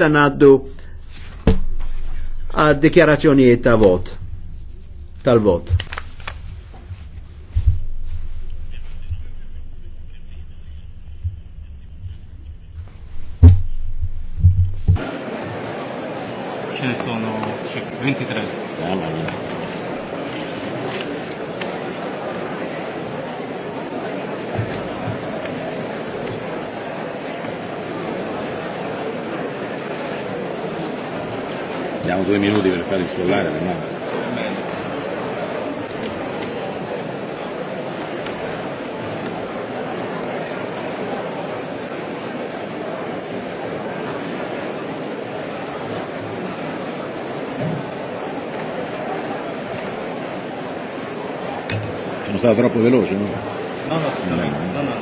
dan naddu għad dikjarazzjonijiet ta' vot, tal-vot. Hezbollah ya jamaa. Sono stato troppo veloce, no? No, no, assolutamente. Mm. No, no, è no, no,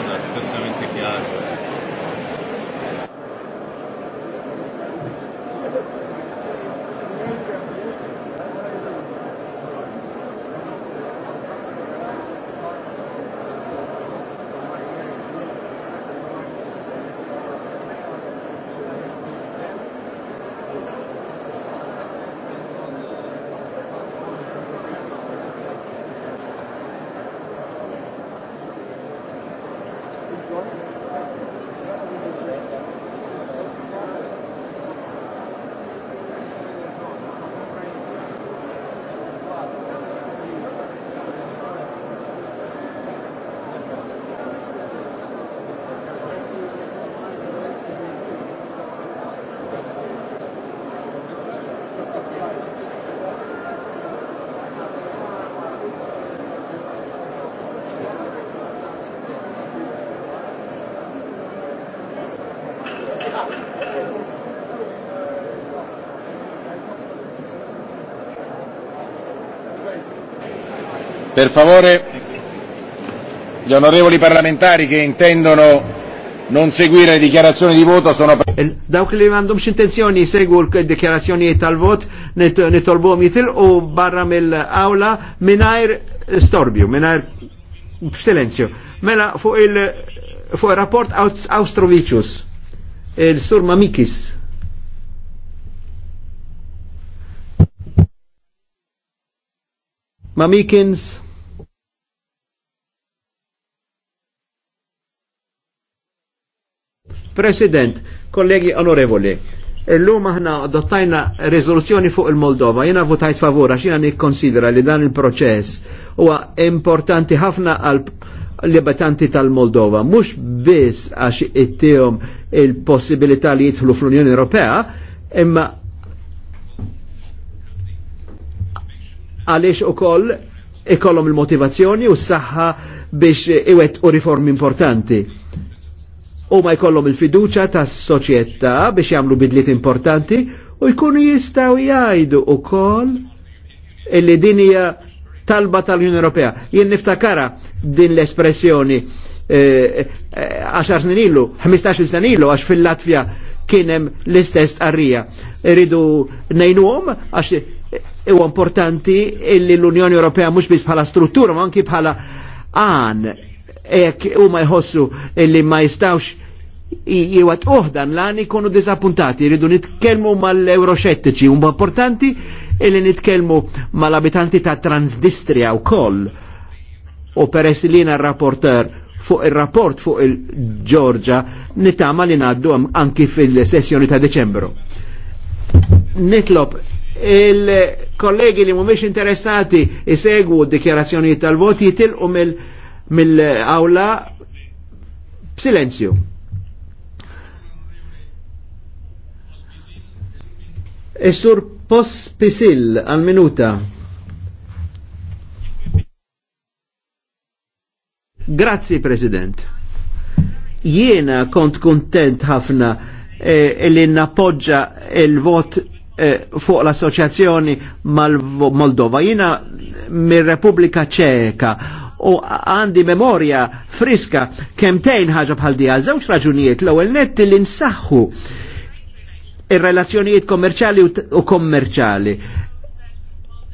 no, no, no, no, no, no, no, no, no, no, no, Per favore, gli onorevoli parlamentari che intendono non seguire le dichiarazioni di voto sono Dawk li m'għandhomx x'intenzjoni jsegwu l-dikjarazzjonijiet tal-vot nitolbuhom u barra mill-awla mingħajr storbju, mingħajr silenzju. Mela fuq il fuq il-rapport Austrovicius il-Sur Mamikis. Mamikins President, kollegi onorevoli, l-lum aħna adottajna rezoluzzjoni fuq il-Moldova. Jena votajt favur għax jena nikkonsidra li dan il-proċess huwa importanti ħafna għal l tal-Moldova. Mhux biss għax ittihom il-possibilità li jidħlu fl-Unjoni Ewropea, imma għaliex koll ikollom il-motivazzjoni u s-saħħa biex iwet u riformi importanti u ma jkollhom il-fiduċa tas-soċjetà biex jagħmlu bidliet importanti u jkunu jistgħu jgħidu wkoll illi din hija talba tal-Unjoni Ewropea. Jien niftakara din l-espressjoni 10 eh, eh, snin ilu, 15 snin ilu, għax fil-Latvja kienem l-istess arrija. Rridu nejnuhom għax huwa importanti illi l-Unjoni Ewropea mhux biss bħala struttura, ma anki bħala għan jekk huma jħossu illi ma jistawx jewat uħdan lan ikonu dizappuntati, rridu nitkelmu mal-euroxettiċi, un importanti illi nitkelmu mal-abitanti ta' Transdistria u koll. U peress li jena rapporter fuq il-rapport fuq il-Ġorġa nitama li naddu anki fil-sessjoni ta' Deċembru. Nitlob il-kollegi li mumiex interessati isegwu dikjarazzjoni tal-voti jitilqu mill- mill-awla b'silenzju. Is-sur e Pos Pisil għal-minuta. Grazzi, President. Jiena kont kontent ħafna eh, li nappoġġa il-vot eh, fuq l-assoċjazzjoni mal-Moldova. Jiena mir-Repubblika Ċeka u għandi memoria friska kemtejn ħaġa bħal di għal żewġ raġunijiet l-ewwel net li nsaħħu ir-relazzjonijiet kommerċali u kommerċali.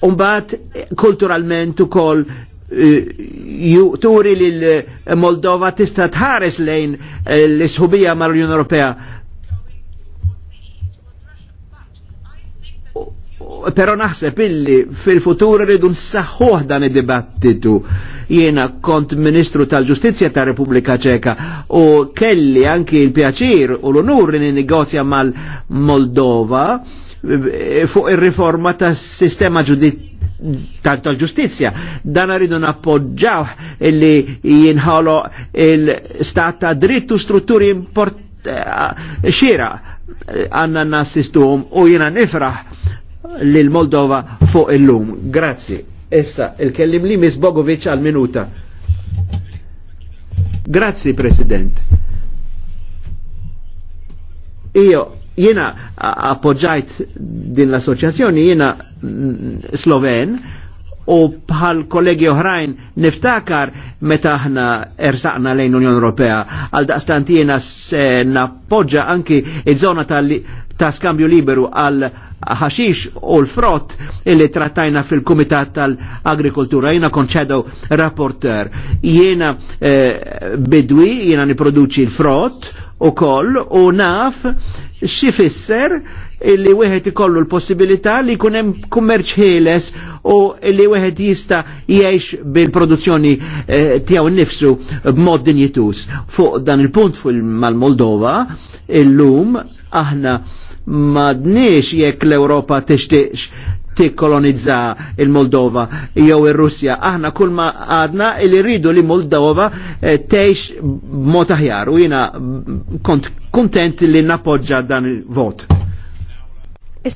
Umbat kulturalment ukoll eh, turi li l-Moldova tista tħares lejn eh, l-isħubija mal unjoni Ewropea. Pero naħseb illi fil-futur rridu nsaħħuħ dan id-dibattitu. Jiena kont Ministru tal-Ġustizzja ta' Repubblika Ċeka u kelli anki il pjaċir u l-onur li negozja mal-Moldova eh, fuq ir-riforma tas-sistema tal-ġustizja. Dan rridu nappoġġaw illi jinħolo il-stat ta' drittu strutturi import eh, xira għanna nassistum u jina nifraħ lil Moldova fuq il-lum. Grazie. Essa, il-kellim li Miss Bogovic għal minuta. Grazzi, President. Io, jena appoġġajt din l-assoċjazzjoni, jena sloven, u bħal kollegi oħrajn niftakar meta aħna ersaqna lejn Unjoni Ewropea għal daqstantina se nappoġġa anki iż-żona ta' skambju liberu għal ħaxix u l-frott illi trattajna fil-Kumitat tal-Agrikoltura. Jena konċedaw rapporter. Jena eh, bidwi, jena niproduċi l-frott u koll u naf xifisser illi wieħed ikollu l-possibilità li jkun hemm kummerċ ħieles u illi wieħed jista' jgħix bil-produzzjoni eh, tiegħu nnifsu b'mod dinjitus. Fuq dan il-punt mal-Moldova illum aħna m'għadniex jekk l-Ewropa tixtieqx tikkolonizza il-Moldova jew ir-Russja. Aħna kull ma għadna li rridu li Moldova eh, tgħix b'mod aħjar u jiena kont kontent li nappoġġa dan il-vot.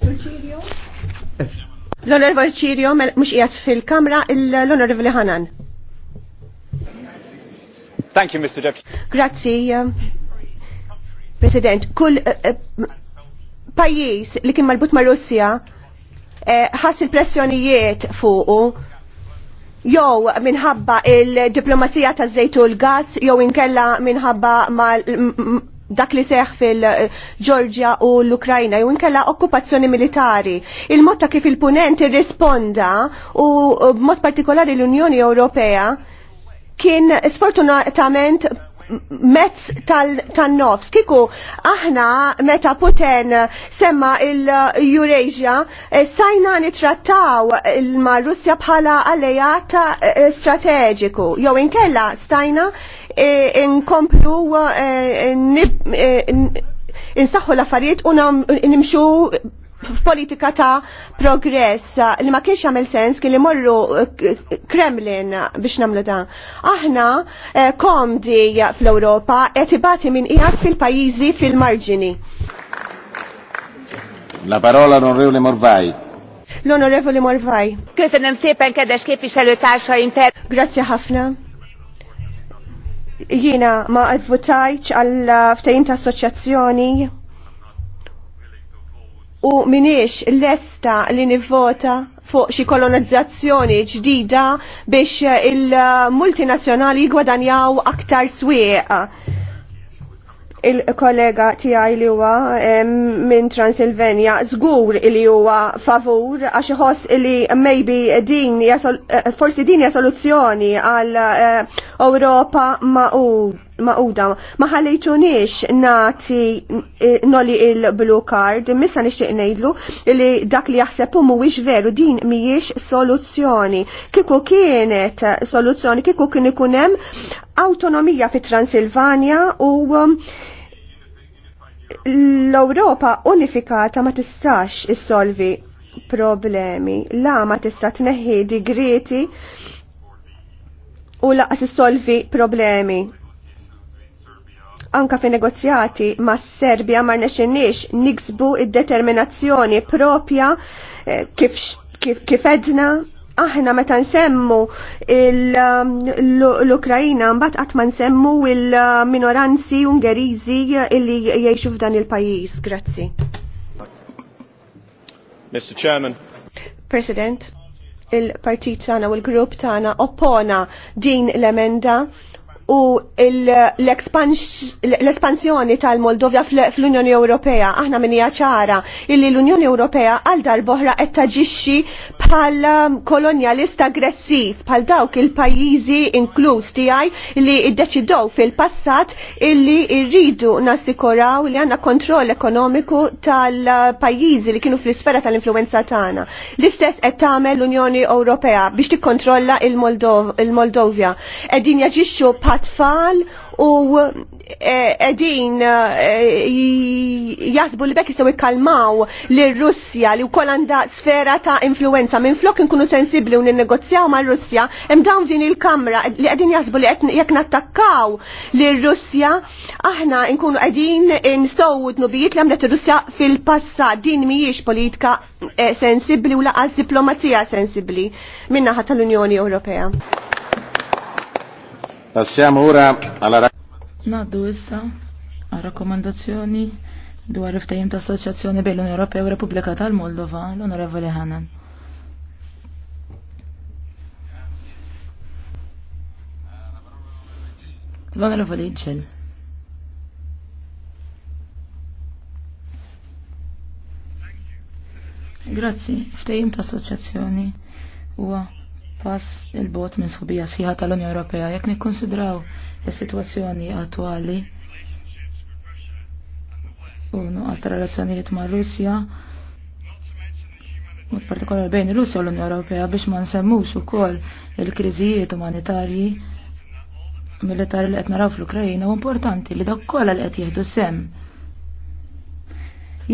L-Onorevoli Ċirio, mux jgħat fil-kamra, l-Onorevoli Hanan. Thank you, Mr. Deputy. Grazie. Um, President. Kull eh, eh, pajis li kien malbut ma' Russja eh, ħass il-pressjonijiet fuqu jew minħabba il-diplomazija ta' zejtu l-gas jew inkella minħabba dak li seħ fil-Ġorġja u l-Ukrajna jew inkella okkupazzjoni militari. Il-mod ta' kif il-punent irrisponda u b'mod partikolari l-Unjoni Ewropea kien sfortunatament mezz tal-nofs. Kiku, aħna meta Putin semma il-Eurasia, eh, stajna nitrattaw ma' Russja bħala allejata eh, strateġiku. Jow inkella stajna Eh, nkomplu eh, eh, insaħħu l-affarijiet u nimxu politika ta' progress li ma kienx jagħmel sens kien li morru Kremlin biex nagħmlu dan. Aħna komdi fl-Ewropa qed ibati minn qiegħed fil-pajjiżi fil-marġini. La parola l-onorevoli Morvai. L-onorevole Morvai. Köszönöm szépen, kedves képviselőtársaim! Grazzi ħafna Jiena ma advutajċ għal ftajn ta' assoċjazzjoni u minix lesta li nivvota fuq xi kolonizzazzjoni ġdida biex il-multinazzjonali gwadanjaw aktar swieq il-kollega tiegħi li huwa minn Transilvania żgur li huwa favur għax ħoss li maybe din eh, forsi din hija soluzzjoni għal eh, Ewropa maqud maquda. Ma ħallejtunix nati eh, noli il-blue card, missa nixtieq ngħidlu li dak li jaħseb mhuwiex veru din mhijiex soluzzjoni. Kieku kienet soluzzjoni, kieku kien ikun hemm autonomija fit Transilvania u um, l-Ewropa unifikata ma tistax issolvi problemi. La ma tista' tneħħi digriti u laqas issolvi problemi anka fi negozjati ma' Serbia ma' nexinix niksbu id-determinazzjoni propja eh, kif, kif, kif edna aħna meta nsemmu um, l-Ukrajina mbagħad qatt ma nsemmu il-minoranzi Ungeriżi illi jgħixu f'dan il-pajjiż. Grazzi. Mr. Chairman. President, il-partit tagħna u l-grupp tagħna oppona din l-emenda u l-espansjoni tal-Moldovja fl-Unjoni Ewropea. Aħna minija ċara illi l-Unjoni Ewropea għal darboħra qed taġixxi bħal um, kolonjalist aggressiv bħal dawk il-pajjiżi inkluż tiegħi li iddeċidow fil-passat illi rridu nassikuraw li għandna kontroll ekonomiku tal-pajjiżi li kienu fl-isfera tal-influenza tagħna. L-istess qed tagħmel l-Unjoni Ewropea biex tikkontrolla il-Moldovja. Qegħdin jaġixxu bħal tfal u eh, edin eh, jasbu li bekk jistgħu ikkalmaw lir russja li wkoll għandha sfera ta' influenza minn flok inkunu sensibbli u ninnegozjaw mal russja hemm dawn din il-kamra li qegħdin jasbu li jekk nattakkaw lir russja aħna nkunu qegħdin insowu nubijiet li għamlet ir-Russja fil-passat din mhijiex politika eh, sensibbli u laqas diplomazija sensibbli min-naħa tal-Unjoni Ewropea. Passiamo ora alla Naddu issa għal rakkomandazzjoni dwar iftajim ta' Assoċjazzjoni bejn l-Unjoni Ewropea u Repubblika tal-Moldova, l-Onorevoli Hanan. L-Onorevoli Ġil. Grazzi, ftajim ta' Assoċjazzjoni huwa pass il-bot minn sħubija siħa tal-Unja Ewropea jekk nikkonsidraw is-sitwazzjoni attwali u nuqqas relazzjonijiet ma' Russja u partikolar bejn Russja u l-Unja Ewropea biex ma nsemmux ukoll il-kriżijiet umanitarji militari li qed naraw fl-Ukrajina u importanti li dak kollha li qed jieħdu sem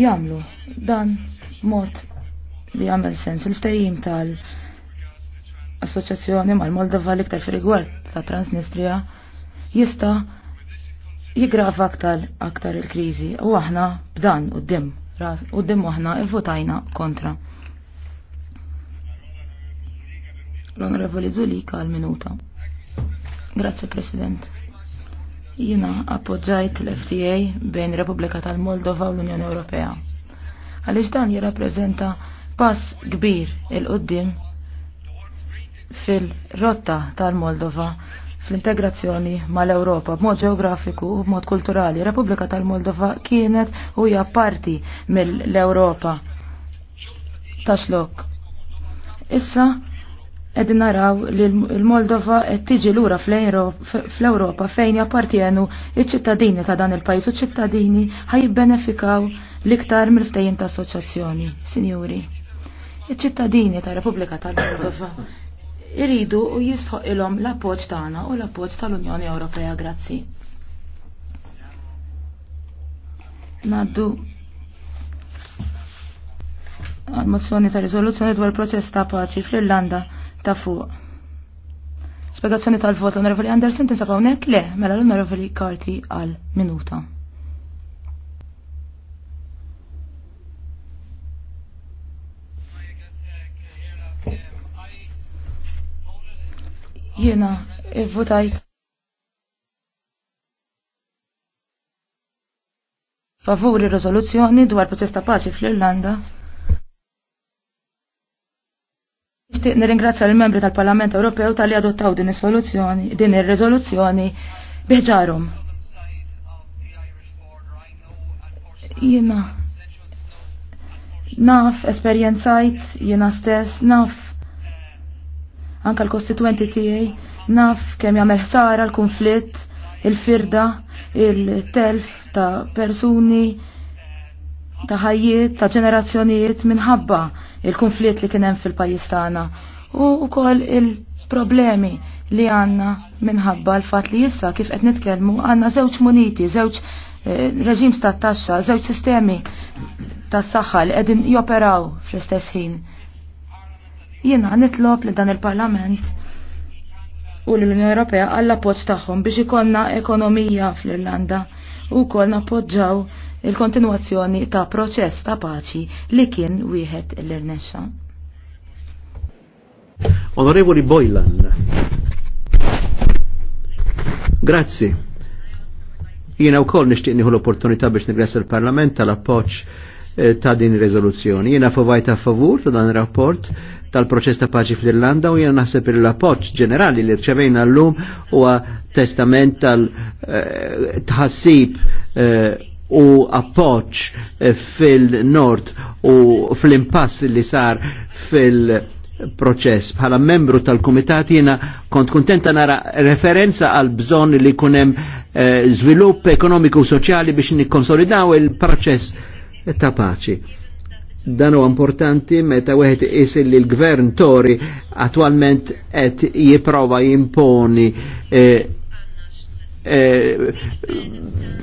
jagħmlu dan mod li jagħmel sens il-ftehim tal- assoċjazzjoni mal-Moldova l-iktar fil ta' Transnistria jista' jigrava aktar aktar il-kriżi u aħna b'dan qudiem ras qudiem aħna votajna kontra. L-Onorevoli Zulika għal minuta. Grazzi President. Jina appoġġajt l-FTA bejn Repubblika tal-Moldova u l-Unjoni Ewropea. Għaliex dan jirrappreżenta pass kbir il-qoddim fil-rotta tal-Moldova fl-integrazzjoni mal-Europa b'mod ġeografiku u b'mod kulturali. Repubblika tal-Moldova kienet u hija parti mill-Europa taxlok. Issa qegħdin naraw li l-Moldova qed tiġi lura fl-Ewropa fejn jappartjenu iċ-ċittadini ta' dan il-pajjiż u ċittadini ħajbenefikaw l-iktar mill-ftehim ta' assoċjazzjoni. Sinjuri, iċ-ċittadini ta' Repubblika tal-Moldova iridu u jisħoq ilom l-appoġġ tagħna u l-appoġġ tal-Unjoni Ewropea. Grazzi. Naddu għal-mozzjoni ta' riżoluzzjoni dwar proċess ta' paċi fl-Irlanda ta' fuq. Spiegazzjoni tal-vot l-Onorevoli Anderson tinsab hawnhekk le, mela l-Onorevoli Karti għal minuta. Jiena votajt favuri rezoluzzjoni dwar protesta paċi fl-Irlanda. Nixtieq nirringrazzja l-membri tal-Parlament Ewropew tal-li adottaw din is-soluzzjoni, din ir-riżoluzzjoni biħġarhom. Jiena naf, esperjenzajt, jiena stess, naf anka l-kostituenti tiegħi naf kemm jagħmel ħsara l-konflitt, il-firda, il-telf ta' persuni, ta' ħajjiet, ta' ġenerazzjonijiet minħabba il-konflitt li kien hemm fil-pajjiż tagħna u wkoll il-problemi li għanna minħabba l-fat li jissa kif qed nitkellmu għanna żewġ muniti, żewġ eh, reġim ta' taxxa, żewġ sistemi ta' saħħa li qegħdin joperaw fl-istess ħin. Jiena nitlob li dan il-Parlament u l-Unjoni Ewropea għall appoġġ tagħhom biex ikollna ekonomija fl-Irlanda u wkoll nappoġġaw il-kontinuazzjoni ta' proċess ta' paċi li kien wieħed l-irnexxa. Onorevoli Boylan. Grazzi. Jiena wkoll nixtieq nieħu l-opportunità biex nigressa l parlament tal-appoġġ eh, ta' din riżoluzzjoni. Jiena fovajt a favur ta' dan ir-rapport tal-proċess ta' paċi fl-Irlanda u jena naħseb il-appoċ ġenerali li rċevejna l-lum u testament tal-tħassib eh, eh, u appoċ eh, fil-nord u fl-impass li sar fil proċess. Bħala membru tal-Kumitat jena kont kontenta nara referenza għal bżonn li kunem eh, svilupp ekonomiku u soċjali biex nikkonsolidaw il-proċess ta' paċi. Dan importanti meta wieħed is li l-gvern Tori attualment qed jipprova jimponi eh, Eh,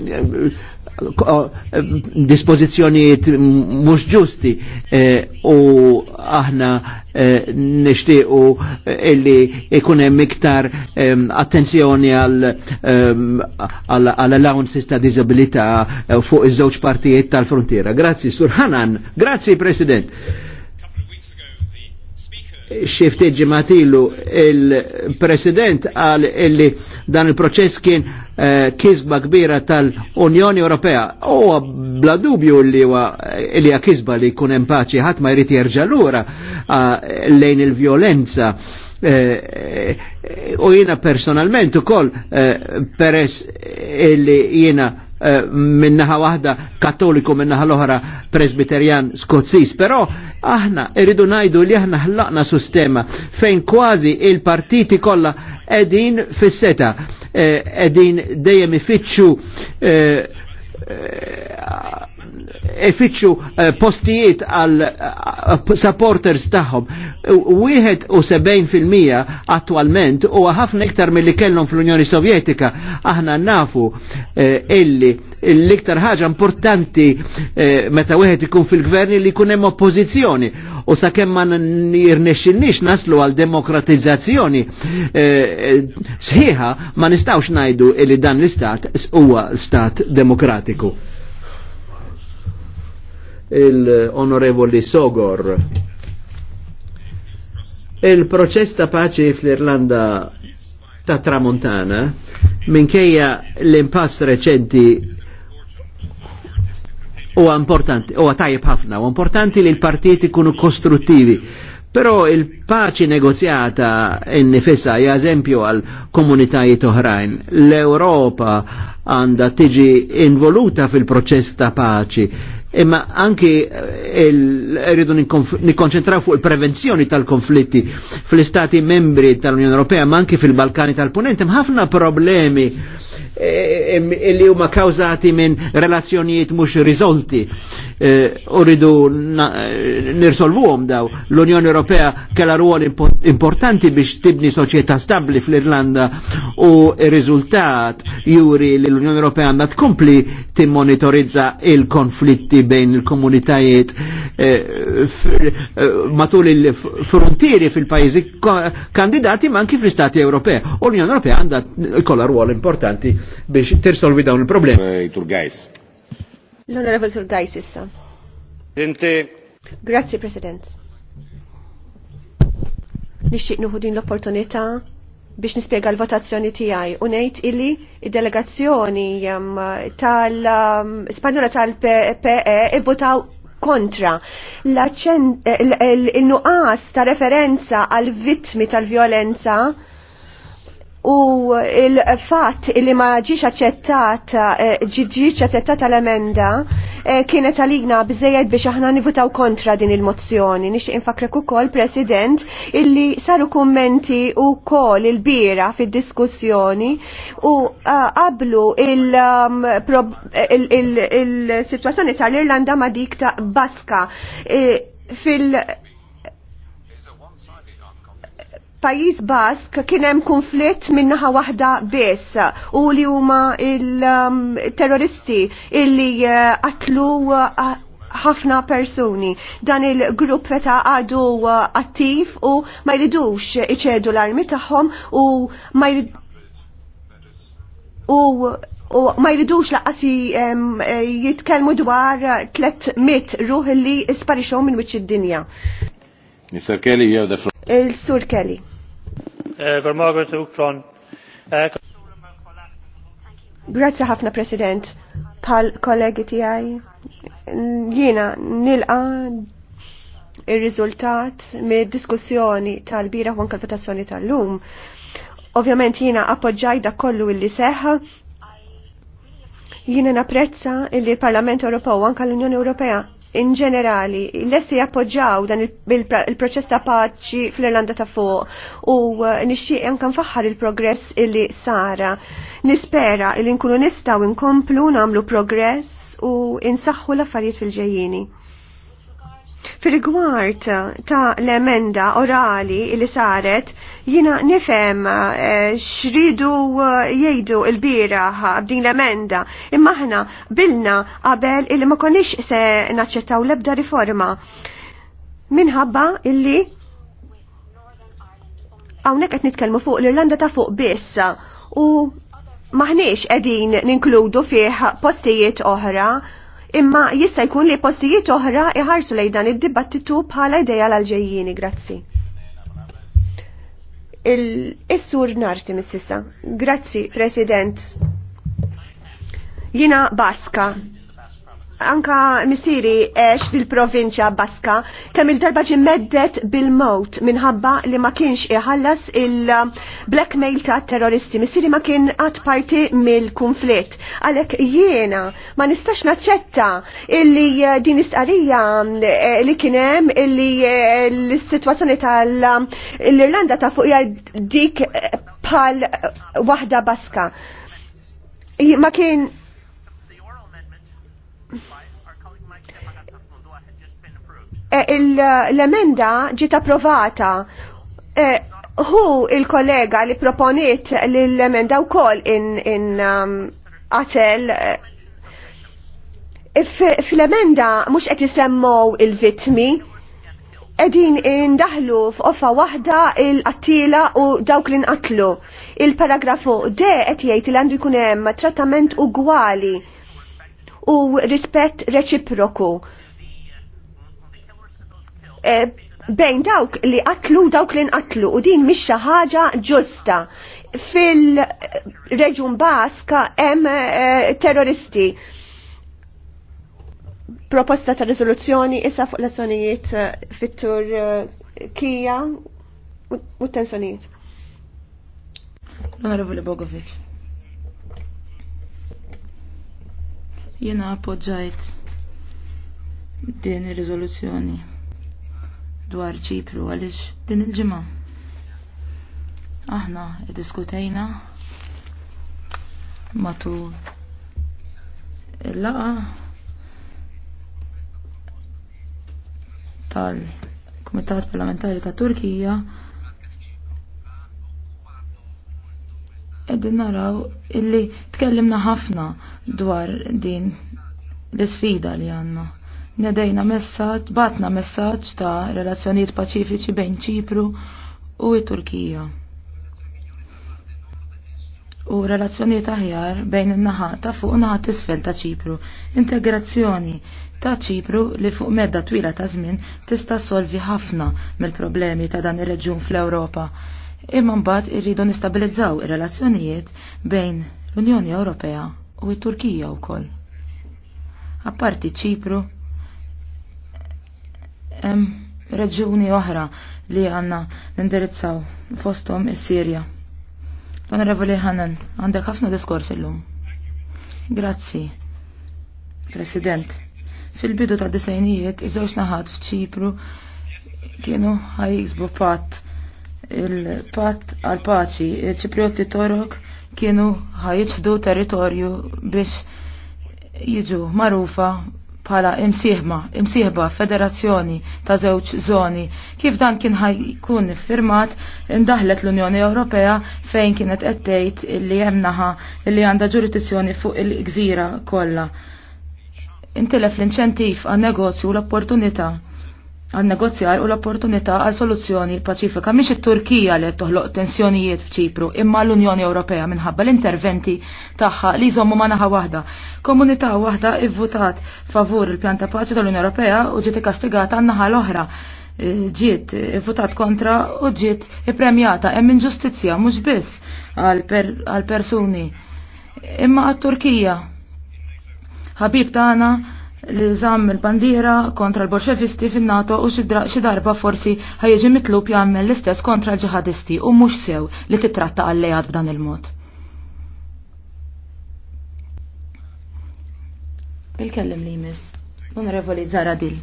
eh, dispozizjonijiet mhux ġusti eh, u aħna nixtiequ illi ikun hemm iktar attenzjoni għal allowances ta' disabilità fuq iż-żewġ partijiet tal-frontiera. Grazzi, Sur Hanan, grazzi President xifti ġimatilu il-president għal illi dan il-proċess kien uh, kisba kbira tal-Unjoni Ewropea. U bla dubju li huwa kisba li jkun hemm paċi ħadd ma jrid jerġa' lura uh, lejn il-vjolenza. Eh, eh, u uh, jiena personalment ukoll peress illi jiena Eh, minnaħa waħda katoliku minnaħa l-oħra presbiterjan skozzis, però aħna irridu najdu li aħna ħlaqna sistema fejn kważi il-partiti kollha edin fis-seta, edin eh, dejjem ifittxu eh, Eh, ifittxu eh, postijiet għal eh, supporters tagħhom. Wieħed u sebejn fil-mija attualment u ħafna iktar mill-li kellhom fl-Unjoni Sovjetika. Aħna nafu illi l-iktar ħaġa importanti meta wieħed ikun fil-gvern li jkun hemm oppożizzjoni u sakemm ma nirnexxinniex naslu għal demokratizzazzjoni eh, eh, sħiħa ma nistgħux ngħidu li dan l-istat huwa stat demokratiku. Il-Onorevoli Sogor il-proċess ta' paċi fl-Irlanda ta' Tramontana minkejja l-impass reċenti u importanti, u għatajib ħafna, u importanti li l partiti kunu kostruttivi. Però il-paċi negozjata innifissa ja eżempju għal komunitajiet oħrajn. L-Europa għandha tiġi involuta fil-proċess ta' paċi imma anki rridu nikkonċentraw fuq il-prevenzjoni tal-konflitti fl-istati membri tal-Unjoni Ewropea, ma anki fil-Balkani tal-Punent, hemm ħafna problemi Eh, eh, eh, illi huma kawżati minn relazzjonijiet mhux riżolti. Eh, uridu eh, nirsolvuhom daw. L-Unjoni Ewropea kellha ruol importanti biex tibni soċjetà stabbli fl-Irlanda u r-riżultat juri li l-Unjoni Ewropea għandha tkompli timmonitorizza il-konflitti bejn il-komunitajiet eh, matul il-frontieri fil-pajjiżi kandidati ma anki fl-Istati Ewropea. U l-Unjoni Ewropea għandha kollha ruol importanti biex tirsolvi dawn il-problemi. L-Onorevol Gajs issa. Presidente. Grazie, President. Nixtieq nuħu din l-opportunità biex nispjega l-votazzjoni tiegħi u ngħid illi d delegazzjoni um, tal-Spanjola um, tal-PE ivvotaw kontra eh, l-nuqqas ta' referenza għal vittmi tal-vjolenza u il-fat li ma ġiġ aċċettata eh, ġiġ aċċettata l-emenda eh, kienet għaligna bżejed biex aħna nivutaw kontra din il-mozzjoni. Nixtieq infakrek ukoll President illi saru kummenti kol il-bira fid-diskussjoni u eh, qablu um, il-situazzjoni tal-Irlanda ma dik ta' Baska fil- pajis pajjiż Bask kien hemm konflitt minnaħa waħda biss u li huma il-terroristi um, illi uh, qatlu uh, ħafna persuni. Dan il-grupp feta għadu uh, attiv u ma jridux iċedu l-armi tagħhom u ma u u ma jridux laqasi jitkellmu dwar 300 ruħ li sparixhom minn wiċċ id-dinja. Il-Sur Kelly. Eh, eh, Grazzi ħafna President, pal kollegi tijaj, jiena nilqa il-rizultat mid diskussjoni tal-bira u anka votazzjoni tal-lum. Ovvjament jiena appoġġaj da kollu illi seħħa jiena napprezza illi il-Parlament Ewropew anka l-Unjoni Ewropea in ġenerali lesti jappoġġaw dan il-proċess ta' paċi fl-Irlanda ta' fuq u uh, nixtieq anke nfaħħar il-progress illi sara. Nispera illi nkunu nistgħu nkomplu nagħmlu progress u insaħħu l-affarijiet fil-ġejjieni. Fil-gwart ta' l-emenda orali li saret, jina nifem eh, xridu eh, jgħidu il-biraħ b'din l-emenda, imma ħna bilna qabel li ma konix se naċċettaw l-ebda riforma. Minħabba illi għawnek għet nitkelmu fuq l-Irlanda ta' fuq biss u maħniex qegħdin ninkludu fih postijiet oħra imma jista' jkun li postijiet oħra iħarsu lejn dan id-dibattitu bħala ideja l alġejjini grazzi. Il-Issur Narti mis-sissa. Grazzi, President. Jina Baska, anka misiri eċ fil-provinċja Baska kemm il-darba meddet bil-mot minħabba li ma kienx iħallas il-blackmail ta' terroristi. Misiri ma kien għat parti mill-konflitt. Għalek jiena ma nistax naċċetta illi eh, din istqarija eh, li kienem illi eh, l-situazzjoni tal-Irlanda ta' Fuqja dik bħal wahda Baska. Ma kien Eh, l-emenda ġiet approvata eh, hu il-kollega li proponiet l-emenda u kol in, in um, atel eh, fil-emenda mux qed jisemmow il-vitmi qegħdin indaħlu f'qofa waħda il-qattila u dawk li nqatlu. Il-paragrafu D qed jgħid li għandu jkun hemm trattament ugwali u rispett reċiproku. E, bejn dawk li qatlu dawk li nqatlu u din mhix xi ħaġa ġusta. Fil-Reġun Baska hemm e, terroristi. Proposta ta' riżoluzzjoni issa fuq l-azzjonijiet e, fit-tur e, kija u t-tensjonijiet. Onorevoli Bogovic. Jiena appoġġajt din ir-riżoluzzjoni dwar ċipru għaliex din il-ġimgħa. Aħna iddiskutejna matul il-laqa tal-Kumitat Parlamentari ta' Turkija qegħdin naraw illi tkellimna ħafna dwar din l-isfida li għandna. Nedejna messaġġ, batna messaġġ ta' relazzjonijiet paċifiċi bejn Ċipru u t-Turkija u relazzjonijiet aħjar bejn in-naħa ta' fuq u naħa tisfel ta' Ċipru. Integrazzjoni ta' Ċipru li fuq medda twila ta' żmien tista' solvi ħafna mill-problemi ta' dan ir-reġjun fl-Ewropa imma mbagħad irridu nistabilizzaw ir-relazzjonijiet bejn l-Unjoni Ewropea u t-Turkija wkoll. Apparti Ċipru hemm reġuni oħra li għandna nindirizzaw fosthom is-Sirja. L-Onorevoli Hanan, għandek ħafna diskors illum. Grazzi, President. Fil-bidu ta' disajnijiet, iż-żewġ naħat f'Ċipru kienu ħajjiksbu patt il-pat għal-paċi, il-ċiprioti torok kienu ħajġfdu territorju biex jiġu marufa bħala imsieħma, imsieħba federazzjoni ta' żewġ zoni. Kif dan kien ħajkun firmat indaħlet l-Unjoni Ewropea fejn kienet qed tgħid li hemm naħa illi għandha ġurisdizzjoni fuq il-gżira kollha. Intilef l-inċentiv għan negozju l-opportunità għal negozjar u l-opportunità għal soluzzjoni paċifika. Mhix it-Turkija li toħloq tensjonijiet f'Ċipru, imma l-Unjoni Ewropea minħabba l-interventi tagħha li jżommu ma naħa waħda. Komunità waħda ivvutat favur il-pjan ta' paċi tal-Unjoni Ewropea u ġiet ikkastigata għan-naħa l-oħra e, ġiet votat kontra u ġiet ippremjata hemm inġustizzja mhux biss għal persuni imma għat-Turkija. Ħabib tagħna li żamm il-bandiera kontra l-bolxevisti fin-NATO u xi darba forsi ħajjiġi mitlub jagħmel l-istess kontra l-ġihadisti u mhux sew li titratta għallejat b'dan il-mod. bil kellim li jmiss. Onorevoli Zaradil.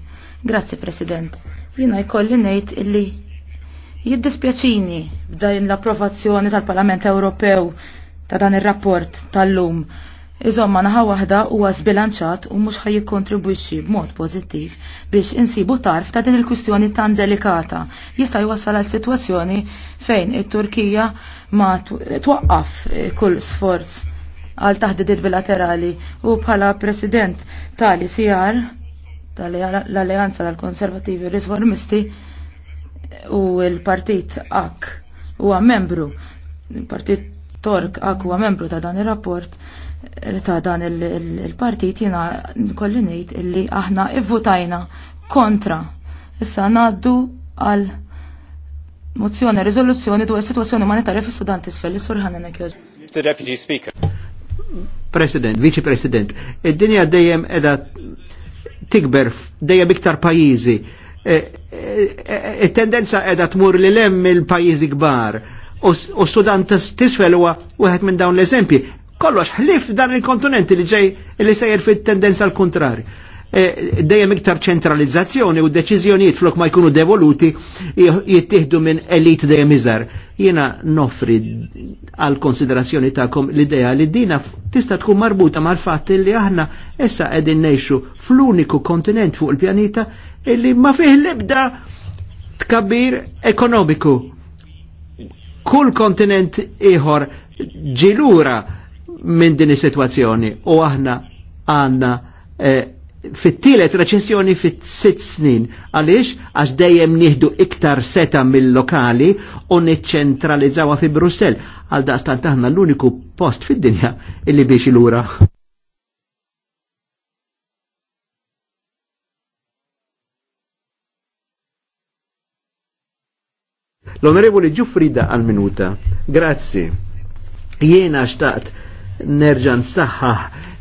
Grazzi, President. Jina jkolli ngħid illi jiddispjaċini b'dajn l-approvazzjoni tal-Parlament Ewropew ta' dan ir-rapport tal-lum Iżomma naħa waħda huwa zbilanċat u mhux ħaj jikkontribwixxi b'mod pożittiv biex insibu tarf ta' din il-kwistjoni tan delikata. Jista' jwassal għal sitwazzjoni fejn it-Turkija ma twaqqaf eh, kull sforz għal taħdidiet bilaterali u bħala president tal-ICR tal-Alleanza tal-Konservativi Riformisti u l-Partit AK huwa membru, il-Partit Tork AK huwa membru ta' dan ir-rapport ta' dan il-partit jina kolli ngħid illi aħna ivvutajna kontra. Issa ngħaddu għal mozzjoni riżoluzzjoni dwar is-sitwazzjoni umanitarja fis-Sudan tisfel li sur ħanenek President, Viċi President, id-dinja dejjem edha tikber dejjem iktar pajjiżi. It-tendenza e, e, e, edha tmur li lem il-pajjiżi kbar. U Sudan tisfel huwa wieħed minn dawn l-eżempji kollox ħlif dan il-kontinent li ġej li sejjer fit-tendenza l kontrari e, dejjem iktar ċentralizzazzjoni u deċiżjonijiet flok ma jkunu devoluti jittieħdu minn elit dejjem iżar. Jiena noffri għal konsiderazzjoni tagħkom l-idea li dina tista' tkun marbuta mal-fatt li aħna issa qegħdin ngħixu fl-uniku kontinent fuq il-pjanita illi ma fih l ibda tkabbir ekonomiku. Kull kontinent ieħor ġilura minn din is-sitwazzjoni u aħna għandna eh, fit-tielet reċessjoni fit sitt snin. Għaliex? Għax dejjem nieħdu iktar seta mill-lokali u niċċentralizzawha fi Brussell. Għal daqstan aħna l-uniku post fid-dinja illi biex lura. L-Onorevoli Ġuffrida għal-minuta. Grazzi. Jiena xtaqt nerġan saħħa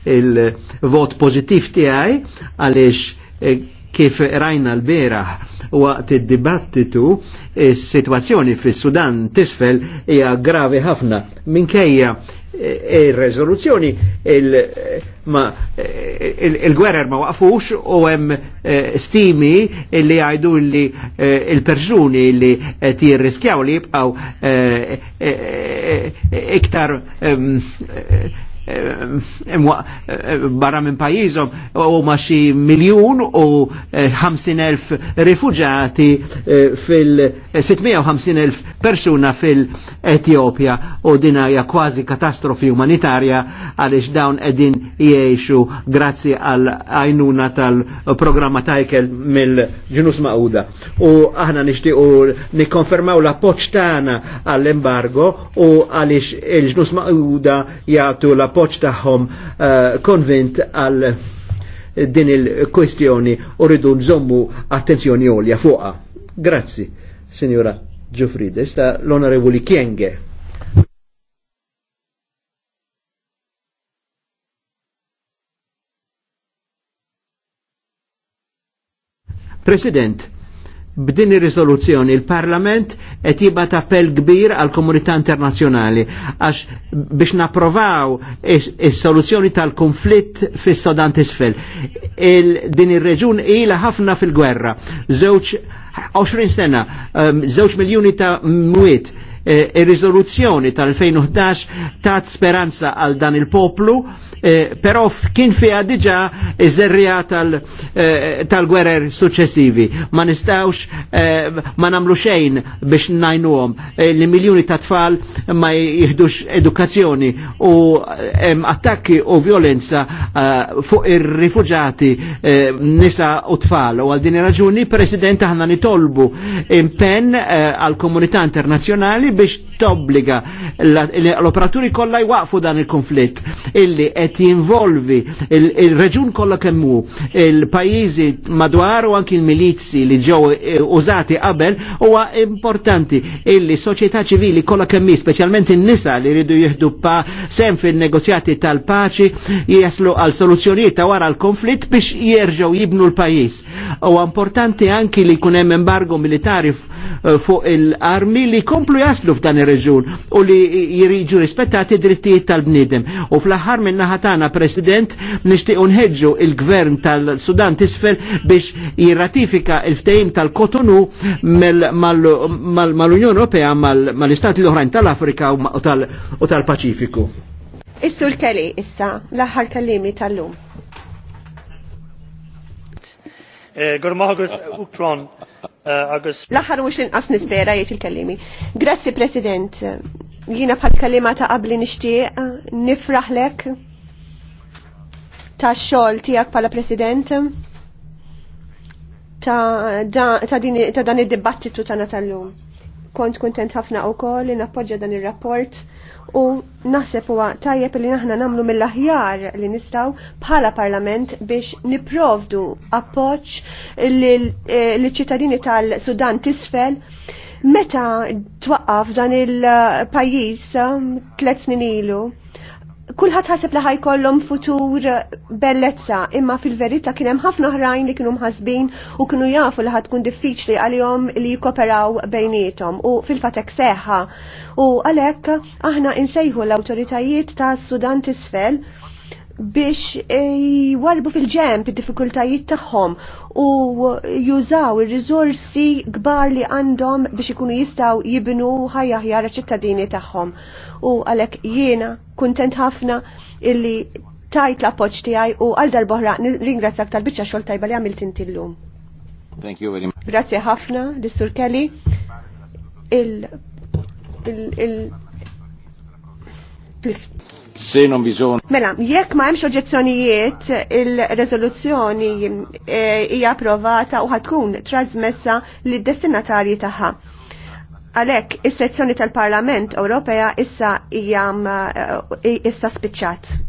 il-vot pozittiv tiegħi għaliex eh, kif rajna l-beraħ waqt id-dibattitu is-sitwazzjoni fis-Sudan tisfel hija gravi ħafna minkejja eh, il-rezoluzzjoni eh, eh, il-gwerer ma waqfux u hemm stimi li għajdu li il-persuni li riskjaw li jibqaw iktar ehm, Eh, eh, barra minn pajizom u xi miljun u 50.000 rifugjati fil-650.000 persuna fil-Etjopja u dinaja kważi katastrofi umanitarja għaliex dawn edin jiexu grazzi għal għajnuna tal-programma tajkel mill-ġunus ma'uda u aħna nixtieq nikkonfermaw la poċtana għall-embargo u għaliex il-ġunus ma'uda jgħatu la l appoċ taħħom eh, konvint għal din il-kwestjoni u rridu nżommu attenzjoni għolja fuqa. Grazzi, Signora Giuffride. Sta l-Onorevoli Kienge. President, B'din ir-riżoluzzjoni il-Parlament qed jibgħat appell kbir għal komunità internazzjonali għax biex napprovaw is-soluzzjoni tal-konflitt fis-Sodan tisfel. Din ir-reġun ilha ħafna fil-gwerra. Żewġ 20 sena, um, żewġ miljuni ta' mwiet. Eh, ir-riżoluzzjoni tal-2011 tat speranza għal dan il-poplu Eh, però kien fiha diġà iżerrija eh, tal-gwerer successivi. Ma nistawx eh, ma nagħmlu xejn biex najnuhom li miljuni ta' tfal ma jihdux edukazzjoni u attakki u violenza fuq ir-rifuġati nisa u tfal. U għal din raġuni, President, aħna nitolbu impenn għal komunità internazzjonali biex tobbliga l-operaturi kollha jwaqfu dan il-konflitt illi qed qed jinvolvi il-reġun il kollha hu il-pajjiżi madwar u anki l-milizzi li ġew eh, użati qabel huwa importanti illi soċjetà ċivili kollha kemm speċjalment in-nisa li jridu jieħdu pa sem fin-negozjati tal-paċi jaslu għal soluzzjonijiet ta' wara l-konflitt biex jerġgħu jibnu l-pajjiż. Huwa importanti anki li jkun hemm embargo militari eh, fuq il-armi li komplu jaslu f'dan ir-reġun u li jiriġu rispettati drittijiet tal-bniedem. U fl-aħħar naħa Tana President nishtiq nħeġġu il-Gvern tal-Sudan tisfel biex jirratifika il ftejim tal-Kotonu mal-Unjoni Ewropea mal-Istati l-oħrajn tal-Afrika u tal-Paċifiku. Is-Sur Kelly issa l-aħħar kallimi tal-lum. Eh, eh, l-aħħar mhux inqas nispera jgħid il-kallimi. Grazzi President, jiena bħal kalima ta' qabli nixtieq nifraħlek ta' xol tijak pala president ta', ta, ta dan id-dibattitu ta' natallum. Kont kontent ħafna u kol li nappoġġa dan il-rapport u naħseb huwa tajjeb li naħna namlu mill-aħjar li nistaw bħala parlament biex niprovdu appoġġ li eh, ċittadini tal-Sudan tisfel meta twaqqaf dan il-pajjiż um, tliet snin ilu kulħadd ħaseb li ħajkollhom futur bellezza, imma fil-verità kien hemm ħafna oħrajn li kienu mħasbin u kienu jafu li ħad tkun diffiċli għalihom li jkoperaw bejnietom u fil-fatek seħħa. U għalhekk aħna insejħu l-awtoritajiet ta' Sudan t'isfel biex e, jwarbu fil-ġemp il diffikultajiet tagħhom u jużaw ir-riżorsi kbar li għandhom biex ikunu jistgħu jibnu ħajja ħjara ċittadini tagħhom. U għalhekk jiena kuntent ħafna illi tajt l-appoġġ tiegħi u għal darb'oħra ringrazzak tal-biċċa xogħol tajba li għamilt inti llum. Thank you very much. Grazzi ħafna, Dissur Kelly. Il, il, il, il, Se non Mela, jekk ma hemmx oġezzjonijiet il-reżoluzzjoni eh, hija approvata u ħatkun trasmessa lid-destinatarji tagħha. Għalhekk is-sezzjoni tal-Parlament Ewropea issa hija eh, issa spiċċat.